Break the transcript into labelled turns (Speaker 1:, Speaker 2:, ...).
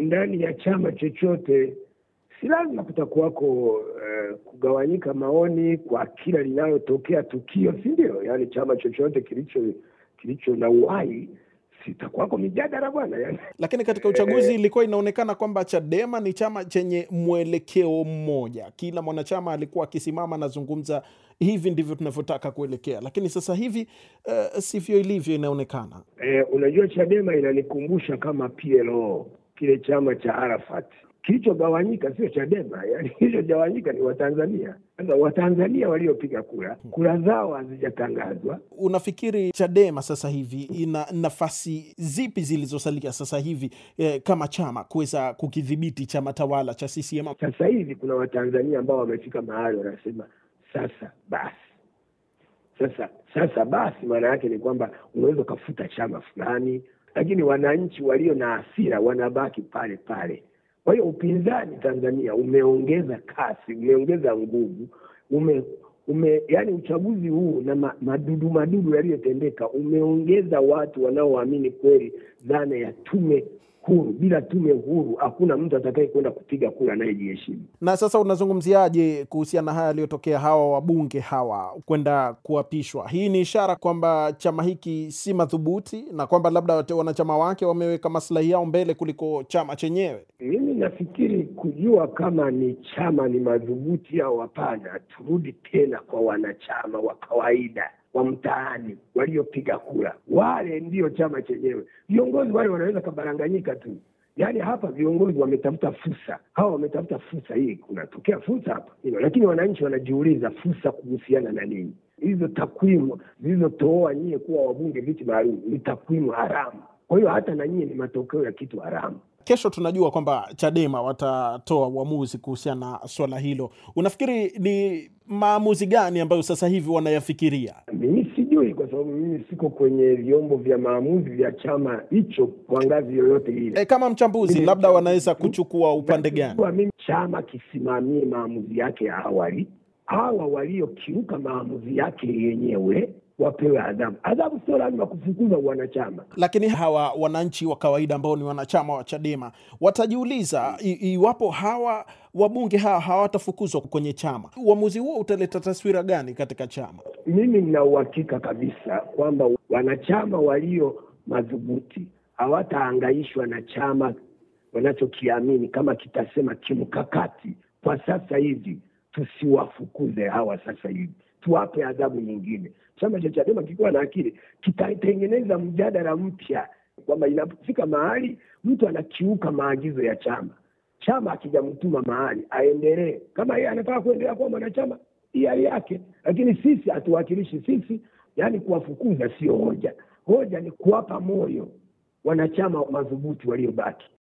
Speaker 1: ndani ya chama chochote si lazima kutakuwako uh, kugawanyika maoni kwa kila linalotokea tukio, si ndio? yani chama chochote kilicho kilicho na uhai sitakuwako mijadala bwana yani. Lakini katika uchaguzi
Speaker 2: ilikuwa inaonekana kwamba Chadema ni chama chenye mwelekeo mmoja, kila mwanachama alikuwa akisimama anazungumza hivi ndivyo tunavyotaka kuelekea, lakini sasa hivi uh, sivyo ilivyo inaonekana.
Speaker 1: E, unajua Chadema inanikumbusha kama PLO kile chama cha Arafat kilichogawanyika sio Chadema, yani kilichogawanyika ni Watanzania. Sasa Watanzania waliopiga kura, kura zao hazijatangazwa.
Speaker 2: Unafikiri Chadema sasa hivi ina nafasi zipi zilizosalia sasa hivi eh, kama chama kuweza kukidhibiti chama tawala cha CCM? Sasa hivi
Speaker 1: kuna Watanzania ambao wamefika mahali wanasema
Speaker 2: sasa basi
Speaker 1: sasa sasa basi, maana yake ni kwamba unaweza ukafuta chama fulani, lakini wananchi walio na hasira wanabaki pale pale. Kwa hiyo upinzani Tanzania umeongeza kasi, umeongeza nguvu, ume, ume yani uchaguzi huu na madudu madudu yaliyotendeka umeongeza watu wanaoamini kweli dhana ya tume huru. Bila tume
Speaker 2: huru, hakuna mtu atakaye kwenda kupiga kura anayejiheshimu. Na sasa unazungumziaje kuhusiana haya yaliyotokea, hawa wabunge hawa kwenda kuapishwa? Hii ni ishara kwamba chama hiki si madhubuti na kwamba labda wanachama wake wameweka maslahi yao mbele kuliko chama chenyewe.
Speaker 1: Mimi nafikiri kujua kama ni chama ni madhubuti au hapana, turudi tena kwa wanachama wa kawaida wa mtaani waliopiga kura, wale ndiyo chama chenyewe. Viongozi wale wanaweza kabaranganyika tu. Yaani hapa viongozi wametafuta fursa, hawa wametafuta fursa hii, kunatokea fursa hapa hilo, lakini wananchi wanajiuliza fursa kuhusiana na nini? Hizo takwimu zilizotoa nyie kuwa wabunge viti maalum ni takwimu haramu. Kwa hiyo hata na nyie ni matokeo ya kitu haramu.
Speaker 2: Kesho tunajua kwamba Chadema watatoa uamuzi kuhusiana na swala hilo. Unafikiri ni maamuzi gani ambayo sasa hivi wanayafikiria?
Speaker 1: Mimi sijui, kwa sababu mimi siko
Speaker 2: kwenye vyombo vya maamuzi vya chama hicho kwa ngazi yoyote ile. E, kama mchambuzi labda wanaweza kuchukua upande gani?
Speaker 1: Mimi chama kisimamie maamuzi yake ya awali, hawa waliokiuka maamuzi yake yenyewe wapewe adhabu. Adhabu sio
Speaker 2: lazima kufukuza wanachama. Lakini hawa wananchi wa kawaida ambao ni wanachama wa Chadema watajiuliza iwapo hawa wabunge hawa hawatafukuzwa kwenye chama, uamuzi huo utaleta taswira gani katika chama? Mimi nina uhakika kabisa kwamba
Speaker 1: wanachama walio madhubuti hawataangaishwa na chama wanachokiamini kama kitasema kimkakati kwa sasa hivi tusiwafukuze hawa sasa hivi tuwape adhabu nyingine chama cha chadema kikiwa na akili kitatengeneza mjadala mpya kwamba inafika mahali mtu anakiuka maagizo ya chama chama akijamtuma mahali aendelee kama yeye anataka kuendelea kuwa mwanachama hiari yake lakini sisi hatuwakilishi sisi yaani kuwafukuza sio hoja hoja ni kuwapa moyo wanachama madhubuti waliobaki